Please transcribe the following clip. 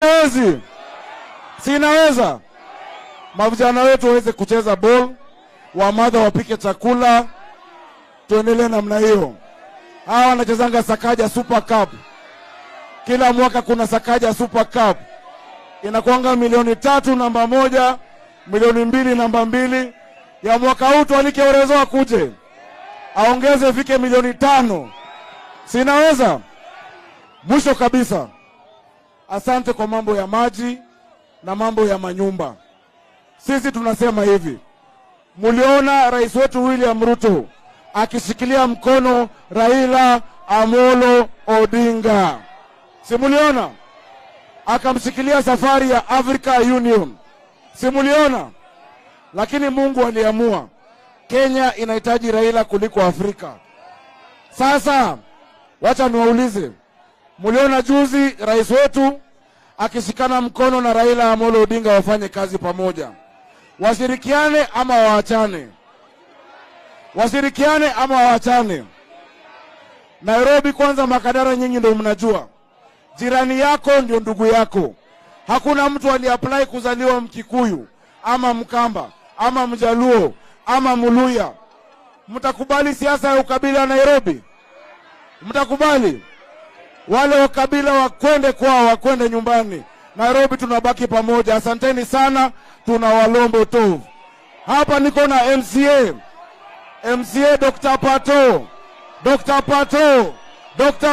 Siwezi, sinaweza mavijana wetu waweze kucheza ball, wamadha wapike chakula, tuendelee namna hiyo. Hawa wanachezanga Sakaja Super Cup, kila mwaka kuna Sakaja Super Cup inakuanga milioni tatu namba moja, milioni mbili namba mbili. Ya mwaka huu tualike Urezo akuje aongeze ifike milioni tano. Sinaweza mwisho kabisa asante kwa mambo ya maji na mambo ya manyumba. Sisi tunasema hivi, muliona rais wetu William Ruto akishikilia mkono Raila Amolo Odinga, simuliona akamshikilia safari ya Africa Union, simuliona. Lakini Mungu aliamua Kenya inahitaji Raila kuliko Afrika. Sasa wacha niwaulize, muliona juzi rais wetu akishikana mkono na Raila Amolo Odinga wafanye kazi pamoja, washirikiane ama waachane, washirikiane ama waachane. Nairobi kwanza, Makadara, nyinyi ndio mnajua jirani yako ndio ndugu yako. Hakuna mtu aliapply kuzaliwa Mkikuyu ama Mkamba ama Mjaluo ama Muluya. Mtakubali siasa ya ukabila Nairobi? Mtakubali? wale wakabila wakwende kwao, wakwende nyumbani. Nairobi tunabaki pamoja. Asanteni sana, tuna walombo tu hapa. Niko na MCA, MCA Dr. Pato, Dr. Pato, Dr.